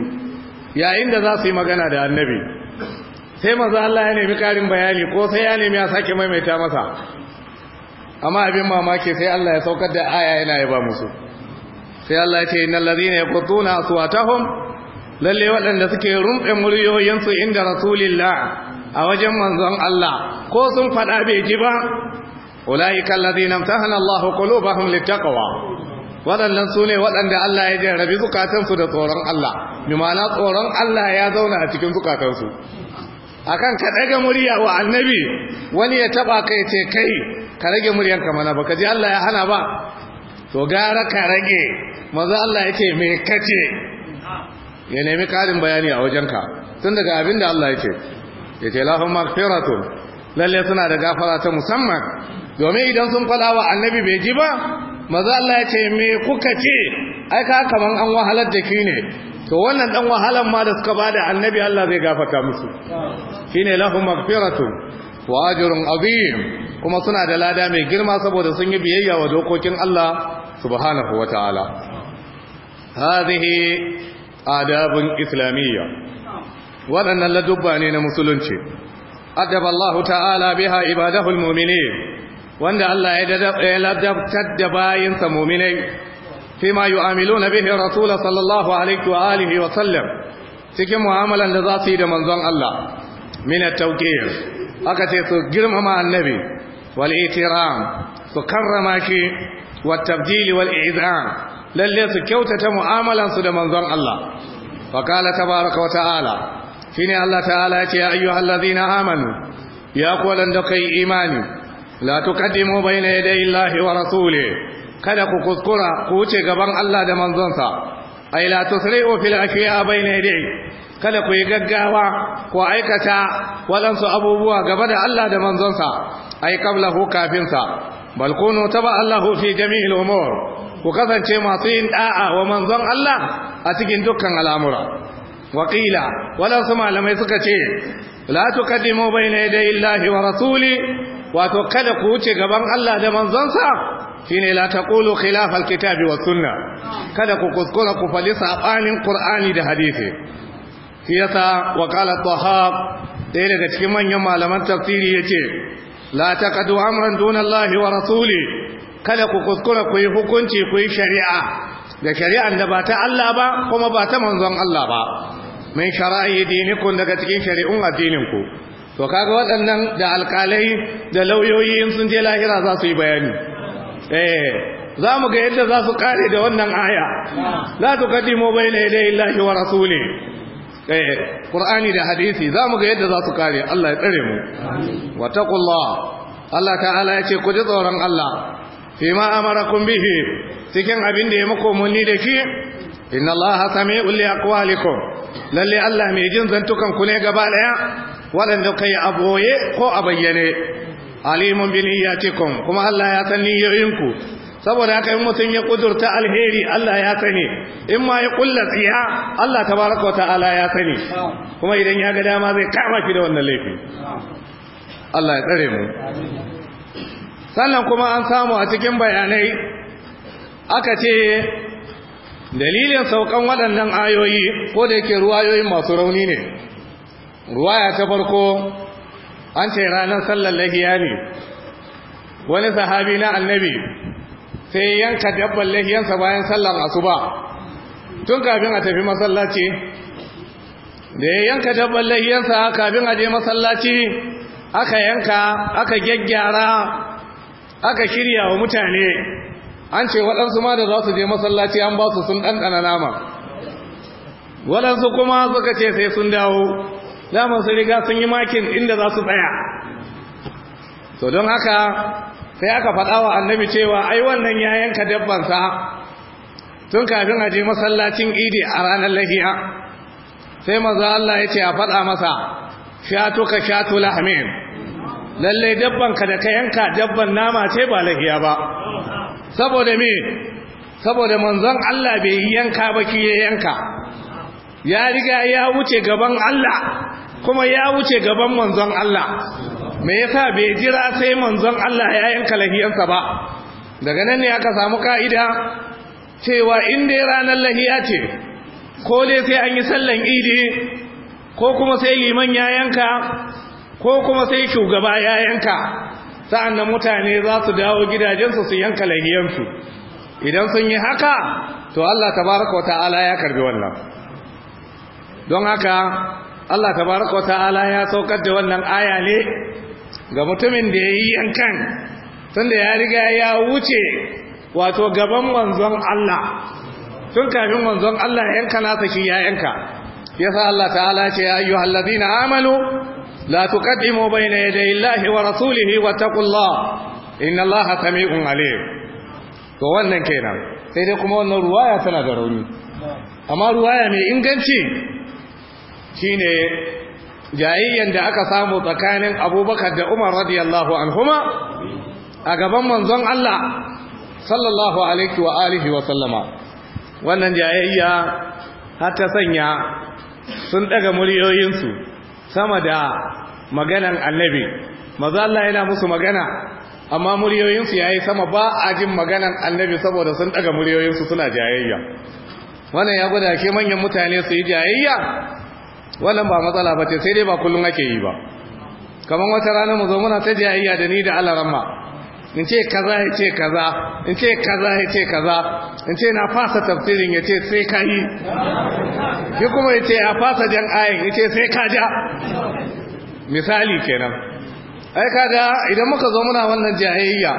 yayin da za su yi magana da annabi sai maza Allah ya nemi karin bayani ko sai ya nemi ya sake maimaita masa amma abin mamaki sai Allah ya saukar da aya yana ya ba musu sai Allah ya ce innal ladina yaqutuna aswatahum lalle waɗanda suke rumfe muryoyinsu inda rasulillah a wajen manzon Allah ko sun faɗa bai ji ba ulaika alladhina amtahana Allah qulubahum littaqwa waɗannan su ne waɗanda Allah ya jarrabi zukatansu da tsoron Allah bi ma'ana tsoron Allah ya zauna a cikin zukatansu akan ka daga murya wa annabi wani ya taba kai ce kai ka rage ka mana baka ji Allah ya hana ba to gara ka rage maza Allah yake me kace ya nemi karin bayani a wajenka tun daga abinda Allah yake yace lahum maghfiratun lalle suna da gafara ta musamman domin idan sun fada wa annabi bai ji ba maza Allah yace me kuka ce ai ka kaman an wahalar da ki ne to wannan dan wahalan ma da suka bada annabi Allah zai gafarta musu shine lahum magfiratun wa ajrun azim kuma suna da lada mai girma saboda sun yi biyayya wa dokokin Allah subhanahu wataala hadhihi adabun islamiyya waɗannan ladubba ne na musulunci adaba Allah ta'ala biha ibadahu almu'minin wanda Allah ya ladabtar da bayinsa mu'minai فيما يعاملون به الرسول صلى الله عليه وآله وسلم cikin mu'amalan da za su yi da manzon Allah min at-tawqir aka ce su girmama annabi wal itiram su karrama shi wat tabdil wal i'zam su kyautata mu'amalan da manzon Allah fa qala tabaaraka wa ta'ala shine Allah ta'ala ya ce ya ayyuhallazina amanu ya ku da kai imani la tuqaddimu bayna yaday Allahi wa rasulihi kada ku kuskura ku wuce gaban Allah da manzonsa ay la tusri'u fil ashiya bayna yadayhi kada ku yi gaggawa ku aikata waɗansu abubuwa gaba da Allah da manzonsa ay kafin sa, bal kunu taba Allahu fi jami'il umur ku kasance masu yin da'a wa manzon Allah a cikin dukkan al'amura وقيل ولا سمع لما يسكتي لا تقدموا Rasuli, wato kada ku wuce gaban Allah da manzonsa. shine la taqulu khilaf alkitabi wa sunna kada ku kuskura ku fali sabanin qur'ani da hadisi Siyasa wa qala tahab dai daga cikin manyan malaman tafsiri yace la taqadu amran duna allahi wa rasuli kada ku kuskura ku yi hukunci ku yi shari'a da shari'an da ba ta Allah ba kuma ba ta manzon Allah ba min shara'i dinikum daga cikin shari'un addininku to kaga waɗannan da alƙalai da lauyoyi sun je lahira za su yi bayani eh za mu ga yadda za su kare da wannan aya la tuqaddimu bayna ilahi illahi wa rasuli eh qur'ani da hadisi za mu ga yadda za su kare Allah ya tsare mu wa taqullah Allah ta'ala ya ce ku ji tsoron Allah fima amarakum bihi cikin abin da ya muku munni da shi. inna allaha sami'un li aqwalikum lalle Allah mai jin zantukan ku ne gaba daya waɗanda kai aboye ko a bayyane alimun bi niyyatikum kuma Allah ya san niyyoyinku. saboda haka in mutum ya kudurta alheri Allah ya sani in ma ya kulla tsiya Allah tabaraka wa ta'ala ya sani kuma idan ya ga dama zai kama ki da wannan laifi Allah ya tsare mu sannan kuma an samu a cikin bayanai aka ce dalilin saukan waɗannan ayoyi ko da yake ruwayoyin masu rauni ne ruwaya ta farko an ce ranar sallar lahiya ne wani sahabi na annabi sai yanka dabbar lahiyansa bayan sallar asuba tun kafin a tafi masallaci da ya yanka dabbar lahiyansa kafin a je masallaci aka yanka aka gyaggyara aka shirya wa mutane an ce waɗansu ma da za su je masallaci an ba su sun ɗanɗana nama waɗansu kuma suka ce sai sun dawo dama sai riga sun yi makin inda za su tsaya to don haka sai aka faɗa wa annabi cewa ai wannan ya yanka dabbansa tun kafin a je masallacin idi a ranar lahiya sai maza Allah ya ce a faɗa masa shatu ka shatu lahamin lallai dabbanka da ka yanka dabban nama ce ba lahiya ba saboda me saboda manzon Allah bai yanka ba ki yanka ya riga ya wuce gaban Allah kuma ya wuce gaban manzon Allah me yasa bai jira sai manzon Allah ya yanka lahiyansa ba daga nan ne aka samu ka'ida cewa in dai ranar lahiya ce ko dai sai an yi sallan idi ko kuma sai liman ya yanka ko kuma sai shugaba ya yanka sa'an nan mutane za su dawo gidajensu su yanka lahiyansu idan sun yi haka to Allah tabaraka wa ta'ala ya karbi wannan don haka Allah tabaraka ta'ala ya saukar da wannan aya ne ga mutumin da ya yi yankan tunda ya riga ya wuce wato gaban manzon Allah tun kafin manzon Allah yanka nasa shi ya yanka yasa Allah ta'ala ce ya ayyuhal ladina amanu la tuqaddimu bayna yaday Allahi wa rasulihi wa taqullah inna Allaha sami'un alim to wannan kenan sai dai kuma wannan ruwaya tana da rauni amma ruwaya mai inganci shine jayayyen da aka samu tsakanin abubakar da umar radiyallahu anhuma a gaban manzon Allah sallallahu alaihi wa alihi wa sallama wannan jayayya har ta sanya sun daga muryoyinsu sama da maganan annabi maza Allah yana musu magana amma muryoyinsu yi sama ba a jin maganan annabi saboda sun daga muryoyinsu suna jayayya wannan ya gwada manyan mutane su yi jayayya wannan ba matsala ba ce sai dai ba kullum ake yi ba kamar wata rana mu zo muna ta jayayya da ni da alaramma in ce kaza ya ce kaza in ce kaza ya ce kaza in ce na fasa tafsirin ya ce sai ka yi shi kuma ya ce a fasa jan ayin ya ce sai ka ja misali kenan ai kaga idan muka zo muna wannan jayayya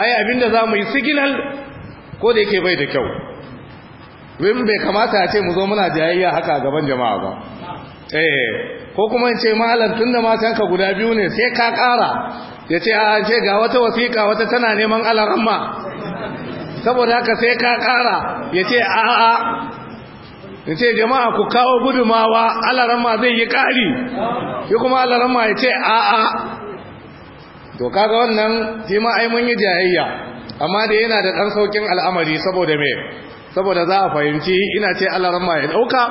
ai abinda za mu yi signal ko da yake bai da kyau wim bai kamata a ce mu zo muna jayayya haka a gaban jama'a ba eh ko kuma in ce malam tunda ka guda biyu ne sai ka ƙara ya ce a ce ga wata wasiƙa wata tana neman alaramma saboda haka sai ka ƙara ya ce a a ya ce jama'a ku kawo gudumawa alaramma zai yi ƙari ya kuma alaramma ya ce a a to kaga wannan shi ma ai mun yi jayayya amma da yana da ɗan saukin al'amari saboda me saboda za a fahimci ina ce alaramma ya ɗauka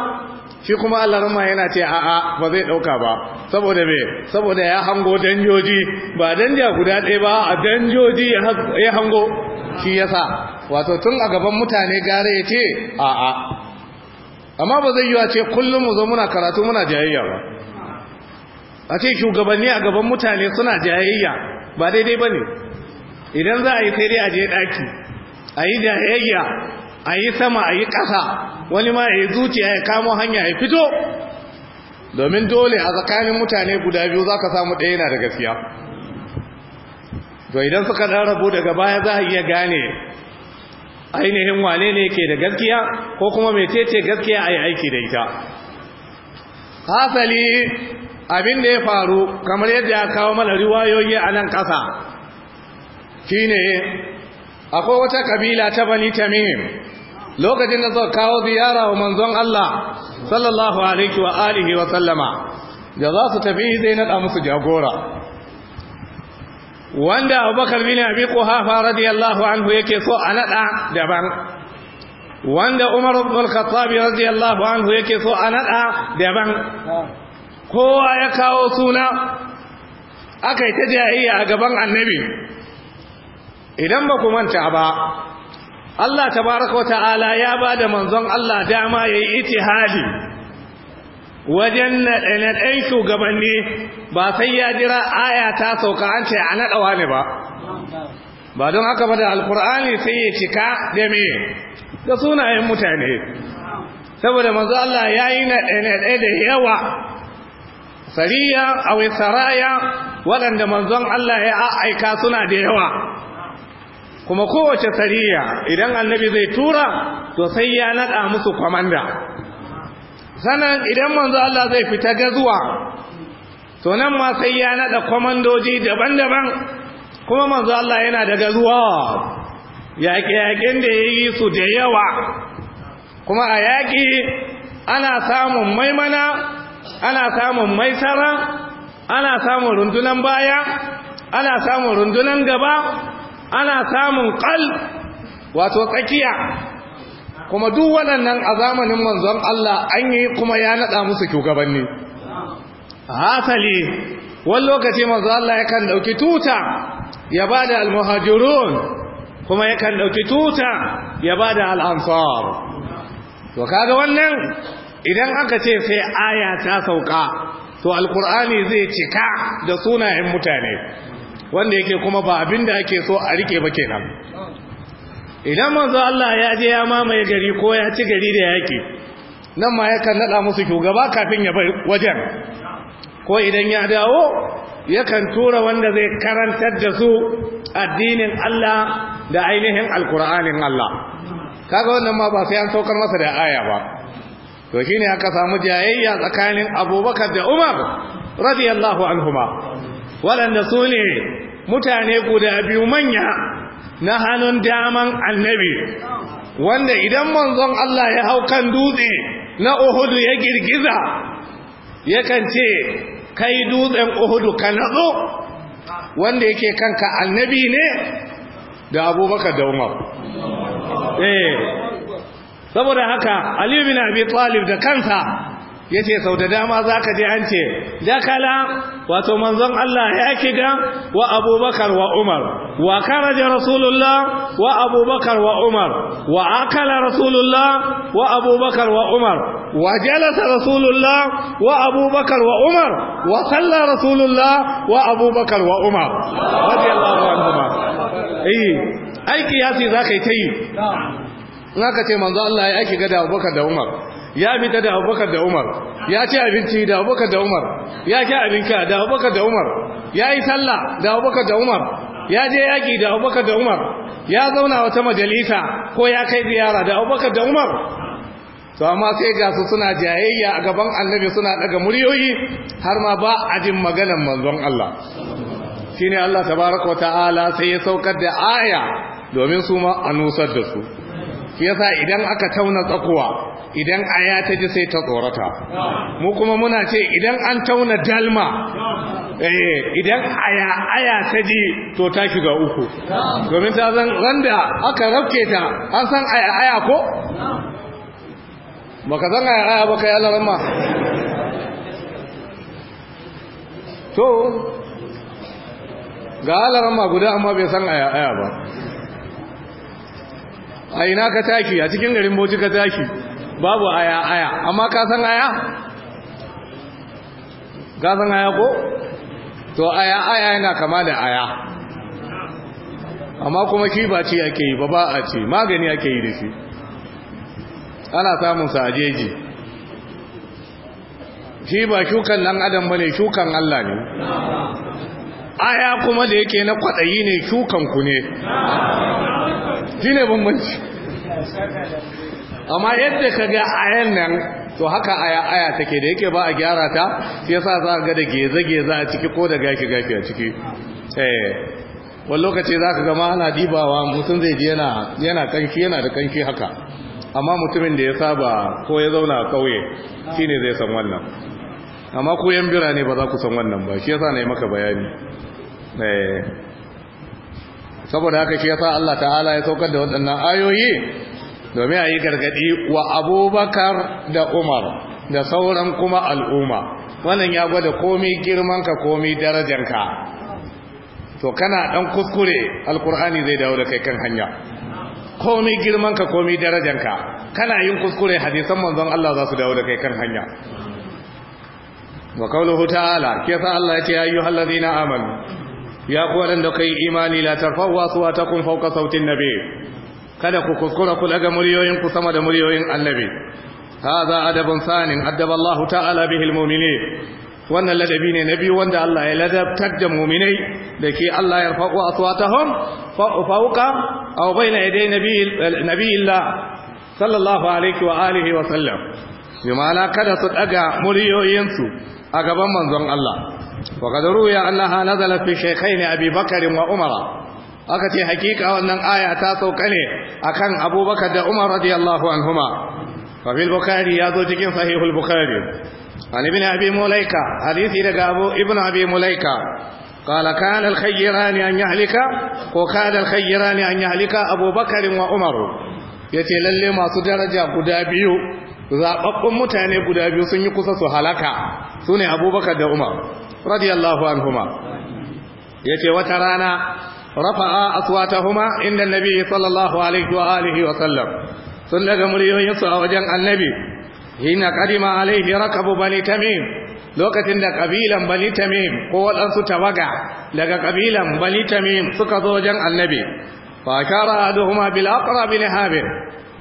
shi kuma Allah rama yana ce a'a ba zai dauka ba saboda me saboda ya hango danjoji ba danja guda ɗaya ba a danjoji ya hango shi yasa wato tun a gaban mutane gare ya ce a'a amma ba zai yi a ce kullum mu zo muna karatu muna jayayya ba a ce shugabanni a gaban mutane suna jayayya ba daidai ba ne idan za a yi sai dai a je ɗaki a yi jayayya a yi sama a yi ƙasa wani ma ya yi zuciya ya kamo hanya ya fito domin dole a tsakanin mutane guda biyu za ka samu ɗaya yana da gaskiya to idan suka ɗan rabu daga baya za a iya gane ainihin wane ne ke da gaskiya ko kuma metece gaskiya a yi aiki da ita hasali abin da ya faru kamar yadda ya kawo mana riwayoyi a nan ƙasa shine akwai wata kabila ta bani tamim lokacin da suka kawo ziyara wa manzon Allah sallallahu alaihi wa alihi wa sallama da za su tafi zai nada musu jagora wanda Abubakar bin Abi Quhafa radiyallahu anhu yake so a nada daban wanda Umar ibn al-Khattab radiyallahu anhu yake so a nada daban kowa ya kawo suna aka yi ta jayayya a gaban annabi idan ba ku manta ba Allah tabaraka wata'ala ya ba da manzon Allah dama ya yi itihadi wajen naɗe-naɗen shugabanni ba sai ya jira aya ta sauka an ce a naɗawa ne ba ba don haka ba da alkur'ani sai ya cika da me da sunayen mutane saboda manzo Allah ya yi naɗe-naɗe da yawa sariya a saraya waɗanda manzon Allah ya aika suna da yawa kuma kowace sariya idan annabi zai tura to sai ya naɗa musu kwamanda Sanan idan manzo Allah zai fita gazuwa to nan ma sai ya naɗa kwamandoji daban-daban kuma manzo Allah yana da gazuwa yaƙe-yaƙen da ya yi su da yawa kuma a yaƙi ana samun maimana ana samun maisara ana samun rundunan baya ana samun rundunan gaba ana samun ƙal wato tsakiya kuma duk waɗannan a zamanin manzon Allah an yi kuma ya naɗa musu shugabanni hasali wani lokaci manzon Allah yakan ɗauki tuta ya ba da almuhajirun kuma yakan ɗauki tuta ya ba da al'ansar to kaga wannan idan aka ce sai aya ta sauka to alkur'ani zai cika da sunayen mutane wanda yake kuma ba abin da ake so a rike ba kenan idan manzo Allah ya je ya mamaye gari ko ya ci gari da yaki nan ma yakan nada musu shugaba kafin ya bar wajen ko idan ya dawo yakan tura wanda zai karantar da su addinin Allah da ainihin alkur'anin Allah kaga wannan ma ba sai an saukar masa da aya ba to shine aka samu jayayya tsakanin Abubakar da Umar radiyallahu anhuma waɗanda su ne mutane guda biyu manya na hannun daman annabi wanda idan manzon Allah ya hau kan dutse na Uhudu ya girgiza yakan ce kai dutsen Uhudu ka nazo wanda yake kanka annabi ne da abubakar da umar eh, saboda haka aliyu bin abi talib da kansa ya ce sau da dama zaka ka je an ce dakala wato manzon Allah ya kiga wa abubakar wa umar wa karaja rasulullah wa abubakar wa umar wa akala rasulullah wa abubakar wa umar wa jalasa rasulullah wa abubakar wa umar wa salla rasulullah wa abubakar wa umar radiyallahu anhuma eh ai kiyasi za ka yi ta yi in aka ce manzo Allah ya aiki ga da abubakar da umar ya fita da abubakar da umar ya ci abinci da abubakar da umar ya ci abinka da abubakar da umar ya yi sallah da abubakar da umar ya je yaƙi da abubakar da umar ya zauna wata majalisa ko ya kai ziyara da abubakar da umar to amma sai ga su suna jayayya a gaban annabi suna daga muryoyi har ma ba a jin maganan manzon Allah shine Allah tabaraka wataala sai ya saukar da aya domin su ma a nusar da su yasa idan aka tauna tsakuwa idan aya ta ji sai ta tsorata mu kuma muna ce idan an tauna dalma eh, idan aya aya ta ji to ta shiga uku domin ta zan randa aka rafke ta an san aya aya ko baka san aya aya baka yi ma, to ga ma guda amma bai san aya aya ba a ina ka taki a cikin garin boci ka taki babu aya aya amma ka san aya ka san aya ko to aya aya yana kama da aya amma kuma shi ba ci ake yi ba ba a ce magani ake yi da shi ana samun sa ajeji shi ba shukan nan adam ne shukan Allah ne aya kuma da yake na kwadayi ne shukan ku ne ne bambanci amma yadda ka ga ayan nan to haka aya aya take da yake ba a gyara ta shi yasa za ka ga da geze geze a ciki ko da gashi gashi a ciki eh wani lokaci za ka ga ma ana dibawa mutum zai ji yana yana kanki yana da kanki haka amma mutumin da ya saba ko ya zauna a kauye shine zai san wannan amma ku yan birane ba za ku san wannan ba shi yasa na yi maka bayani eh saboda haka shi yasa Allah ta'ala ya saukar da waɗannan ayoyi domin a yi gargadi wa abubakar da umar da sauran kuma al'umma wannan ya gwada komi girmanka komi darajanka to kana dan kuskure alkur'ani zai dawo da kai kan hanya komi girmanka komi darajanka kana yin kuskure hadisan manzon Allah za su dawo da kai kan hanya wa qawluhu ta'ala kisa Allah ya ayyuhal ladina amanu ya ku wadanda kai imani la ta kun fawqa sautin nabiy kada ku kuskura ku daga muryoyin ku sama da muryoyin annabi hadha adabun sanin adaballahu Allah ta'ala bihil mu'minin wannan ladabi ne nabi wanda Allah ya ladabtar da mu'minai da ke Allah ya rfa'u aswatahum fawqa aw bayna yaday nabiy illa. sallallahu alaihi wa alihi wa sallam bima kada su daga muryoyinsu a gaban manzon Allah wa qad ruya annaha nazalat fi shaykhayn abi bakr wa umara aka ce hakika wannan aya ta sauka ne akan abubakar da umar radiyallahu anhuma fa fil bukhari ya zo cikin sahihul bukhari an ibn abi mulaika hadisi daga abu ibn abi mulaika al-Kayyira قال كان الخيران أن يهلك وكان الخيران أن يهلك أبو بكر وعمر yace lalle masu daraja guda biyu zababbun mutane guda biyu sun yi kusa su halaka sune Abubakar da Umar radiyallahu anhuma yace wata rana rafa'a huma inda annabi sallallahu alaihi wa alihi wa sallam sun daga muryoyinsu a wajen annabi hina qadima alaihi rakabu bani tamim lokacin da kabilan bani tamim ko waɗansu tawaga daga kabilan bani tamim suka zo wajen annabi fa shara aduhuma bil aqrab bin habir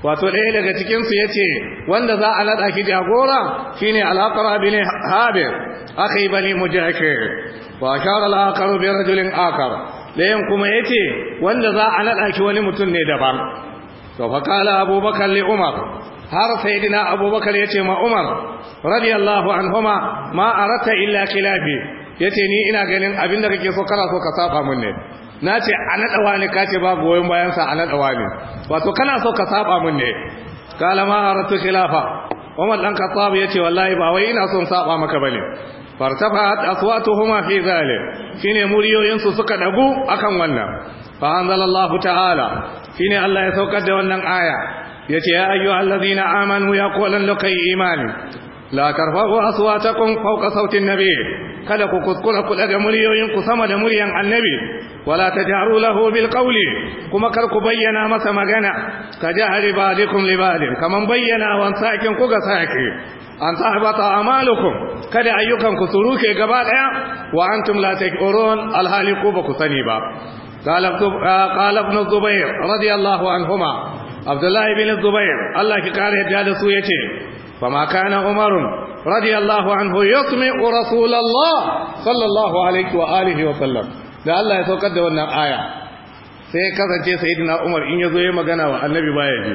wato ɗaya daga cikinsu ya ce wanda za a naɗa ki jagora shine al'aqra bin habir akhi bani mujahir wa shara al'aqaru bi rajulin akar ɗayan kuma ya ce wanda za a naɗa shi wani mutum ne daban to fa kala abubakar li umar har saidina abubakar ya ce ma umar radiyallahu anhuma ma aratta illa kilafi? ya ce ni ina ganin abin da kake so kana so ka saba mun ne na ce a naɗa wani ka ce babu goyon bayansa a naɗa wani wato kana so ka saba mun ne kala ma aratta khilafa Umar dan Khattab yace wallahi ba wai ina son saba maka bane fartafa aswatuhuma fi zalim shine muriyoyin su suka dagu akan wannan fa anzalallahu ta'ala shine Allah ya saukar da wannan aya yace ya ayyuhallazina amanu ya qalan lakai imani la tarfa'u aswatakum fawqa sautin nabiy kada ku kuskura ku daga muryoyin ku sama da muryan annabi wala jaru lahu bil qawli kuma kar ku bayyana masa magana ka jahari balikum li balin kaman bayyana wa sakin ku ga saki an tahbata amalukum kada ayyukan ku suruke gaba daya wa antum la taqurun al haliku ba ku sani ba قال ابن الزبير anhuma. Abdullahi عنهما عبد الله Allah ki kare da su يا دسو يتي فما كان radiyallahu anhu yasmi'u rasulullah sallallahu alaihi wa wa sallam da Allah ya saukar da wannan aya sai kasance sayyidina Umar in yazo yayi magana wa annabi baya ji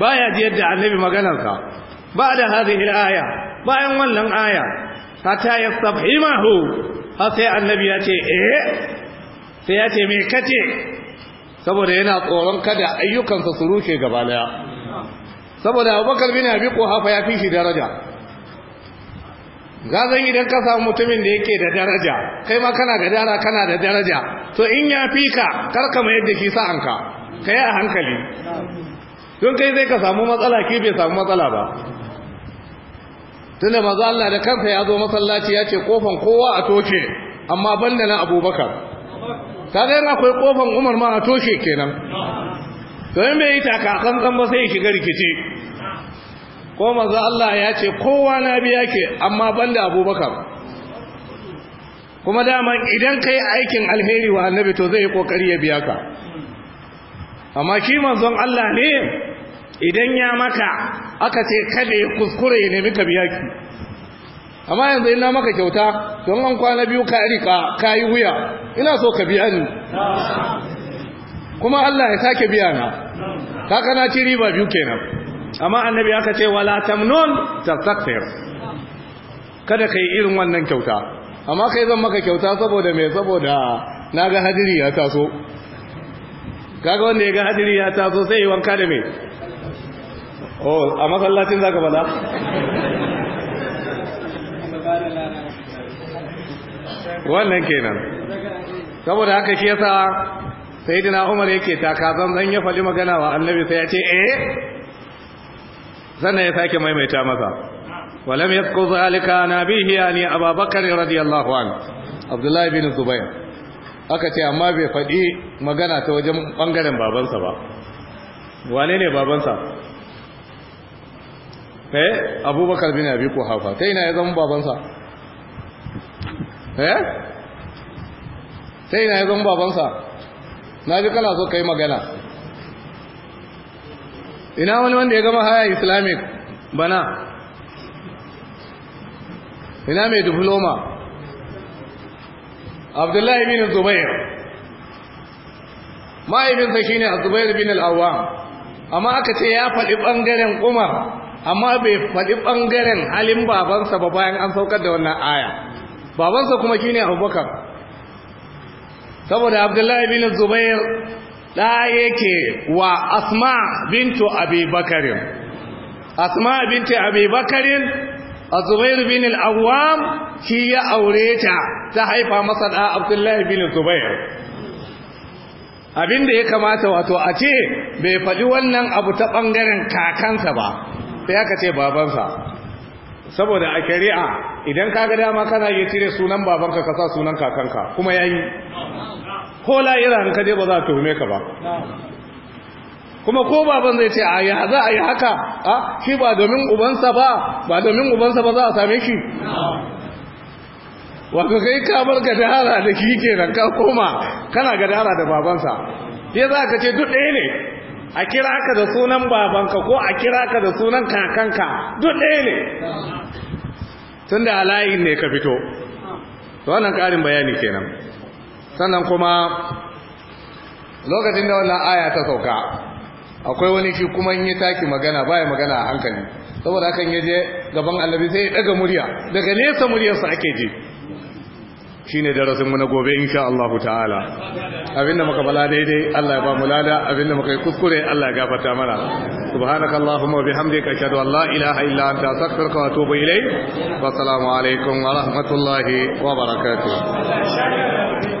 baya ji yadda annabi maganarsa ba da hadhihi al-aya bayan wannan aya hatta yastabhimahu har sai annabi ya ce eh sai ya ce me kace saboda yana tsoron kada ayyukansa su rushe gaba daya saboda Abubakar bin Abi Quhafa ya fi shi daraja gazan idan ka samu mutumin da yake da daraja kai ma kana ga dara kana da daraja to in ya fi ka karka mai yadda ki sa anka yi a hankali don kai zai ka samu matsala ki bai samu matsala ba tunda maza Allah da kansa ya zo masallaci ya ce kofan kowa a toke amma ban da na abubakar kaga yana akwai kofan umar ma a toshe kenan to in bai yi taka tsantsan ba sai ya shiga rikici ko manzo Allah ya ce kowa na biya ke amma banda abubakar kuma daman idan kai aikin alheri wa annabi to zai yi kokari ya biya ka amma shi manzon Allah ne idan ya maka aka ce kada ya kuskure ya nemi ka biya ki amma yanzu ina maka kyauta don an kwana biyu ka rika ka yi wuya ina so ka biya ni kuma Allah ya sake biya na kaka na ci riba biyu kenan amma annabi aka ce wala tamnun tasakfir kada kai irin wannan kyauta amma kai zan maka kyauta saboda me saboda naga hadiri ya taso kaga wanda ya ga hadiri ya taso sai yi wanka da me oh a masallacin zaka bala wannan kenan saboda haka shi yasa sayyidina Umar yake taka zan ya fali magana wa annabi sai ya ce eh sannan ya sake maimaita masa walam yasku zalika nabihi yani abubakar radiyallahu anhu abdullahi bin zubayr aka ce amma bai faɗi magana ta wajen bangaren babansa ba wane ne babansa eh abubakar bin abi kuhafa ta ina ya zama babansa eh ta ina ya zama babansa na ji kana so ka yi magana ina wani wanda ya gama haya islamic bana ina mai diploma abdullahi bin zubair ne a zubair bin al'awam amma aka ce ya faɗi ɓangaren umar amma bai faɗi ɓangaren halin babansa ba bayan an saukar da wannan aya babansa kuma shi a abubakar saboda abdullahi bin zubair da yake wa asma bintu abubakarin asma bintu abubakarin azubair bin al shi ya aure ta ta haifa masa da abdullahi bin zubair Abinda ya kamata wato a ce bai faɗi wannan abu ta ɓangaren kakansa ba sai aka ce babansa saboda a shari'a idan ka ga dama kana iya cire sunan babanka ka sa sunan kakanka kuma ya yi. ko la'ira in ka ba za a tuhume ka ba kuma ko baban zai ce a yi za a yi haka a shi ba domin ubansa ba ba domin ubansa ba za a same shi wato kai ka bar gadara da shi kenan ka koma kana gadara da babansa sai za ka ce duk ɗaya ne a kira ka da sunan babanka ko a kira ka da sunan kakanka duk ɗaya ne tun da ne ka fito wannan ƙarin bayani kenan sannan kuma lokacin da wannan aya ta sauka akwai wani shi kuma in yi taki magana baya magana a hankali saboda hakan yi je gaban allabi sai daga murya daga nesa muryarsa ake je shine darasin mu na gobe insha Allah ta'ala abinda muka bala daidai Allah ya ba mu lada abinda muka yi kuskure Allah ya gafarta mana subhanaka allahumma wa bihamdika ashhadu an la ilaha illa anta astaghfiruka wa atubu ilayk wa assalamu alaikum wa rahmatullahi wa barakatuh